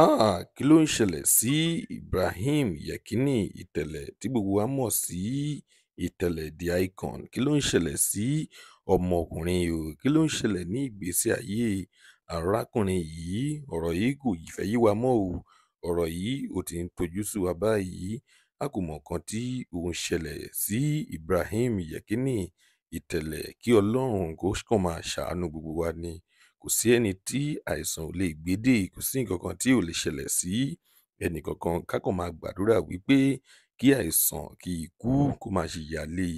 Ah, kí ló ń ṣẹlẹ̀ sí ibrahim yakini ìtẹ̀lẹ̀ tí gbogbo wa mọ̀ sí ìtẹ̀lẹ̀ the icon kí ló ń ṣẹlẹ̀ sí ọmọkùnrin yìí o kí ló ń ṣẹlẹ̀ ní ìgbésí ayé arákùnrin yìí ọ̀rọ̀ yìí kò fẹ́ yé wa mọ́ o ọ̀rọ̀ yìí ò ti ń tojú sú wa báyìí a kò mọ̀ nǹkan tí ó ṣẹlẹ̀ sí ibrahim yakini ìtẹ̀lẹ̀ kí ọlọ́run kó kàn máa ṣàánú gbogbo wa ni kò sí ẹni tí àìsàn ò lè gbé dé kò sí nǹkan kan tí ò lè ṣẹlẹ̀ sí ẹnì kankan ká kàn máa gbàdúrà wípé kí àìsàn kí ikú kó má ṣe yàlé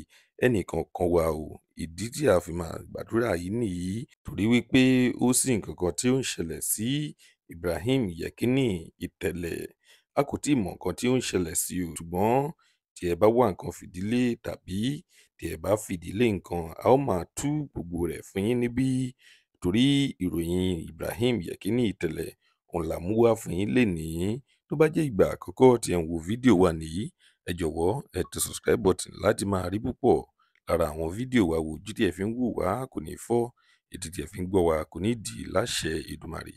ẹnì kankan wa o ìdí tí a fi máa gbàdúrà yìí nìyí torí wípé ó sí nǹkan kan tí ó ń ṣẹlẹ̀ sí Ibrahim Yekini Ìtẹ̀lẹ̀ a kò tíì mọ nǹkan tí ó ń ṣẹlẹ̀ sí o ṣùgbọ́n tí ẹ bá wá nǹkan fìdílé tàbí tí ẹ bá fìdílé nǹkan a ó máa tú gbogbo rẹ̀ fún yín níbí torí ìròyìn ibrahim yekini ìtẹ̀lẹ̀ òun là mú wá fún yín lénìí tó bá jẹ́ ìgbà àkọ́kọ́ tí ẹ̀ ń wo fídíò wa nìyí ẹ jọ̀wọ́ ẹ tẹ subscribe button láti máa rí púpọ̀ lára àwọn fídíò wa wò ojú tí ẹ fi ń wò wá kò ní fọ́ ètò ẹ fi ń gbọ́ wa kò ní dì í láṣẹ Èdùmàrè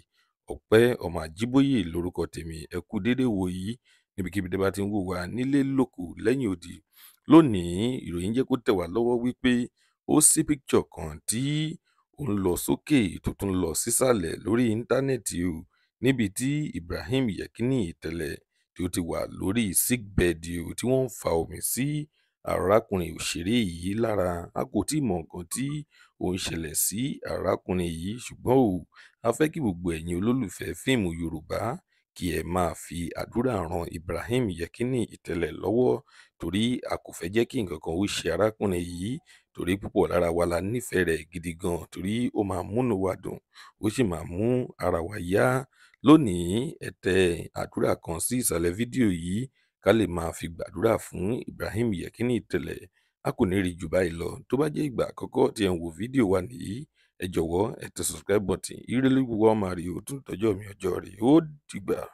ọpẹ́ ọmọ àjíbóyè lórúkọ tèmi ẹ kú déédé wo yìí níbikíbi tẹ́ bá ti ń wò wá nílé lóko lẹ́yìn odi lónìí ìròyìn jẹ́ kó tẹ̀ wá lọ́wọ́ wípé ó sí picture kan tí ó ń lọ sókè tó tún ń lọ sísàlẹ̀ lórí íńtánẹ́ẹ̀tì o níbi tí ibrahim yakini tẹ́lẹ̀ tí ó ti wà lórí síkbẹ́ẹ̀dì o tí wọ́n ń fa omi sí arákùnrin òṣèré yìí lára a kò tí ì mọ nǹkan tí ó ń ṣẹlẹ̀ sí arákùnrin yìí ṣùgbọ́n o a fẹ́ kí gbogbo ẹ̀yin olólùfẹ́ fíìmù yorùbá kí ẹ máa fi àdúrà ran ibrahim yakini ìtẹ̀lẹ̀ lọ́wọ́ torí a kò fẹ́ jẹ́ kí nǹkan kan ó ṣe arákùnrin yìí torí púpọ̀ lára wa la nífẹ̀ẹ́ rẹ̀ gidi gan torí ó máa ń múnú wa dùn ó sì máa ń mú ara wa yá. Lónìí, ẹ àdúrà kan sí ìsàlẹ̀ fídíò yìí ká lè máa fi gbàdúrà fún Ibrahim Yekini Tẹ́lẹ̀. A kò ní rí jù báyìí lọ. Tó bá jẹ́ ìgbà àkọ́kọ́ tí ẹ ń wo fídíò wa nìyí, ẹ jọ̀wọ́ ẹ subscribe button. Ire ló gbogbo wa máa rí o tún mi ọjọ́ rè ó dìgbà.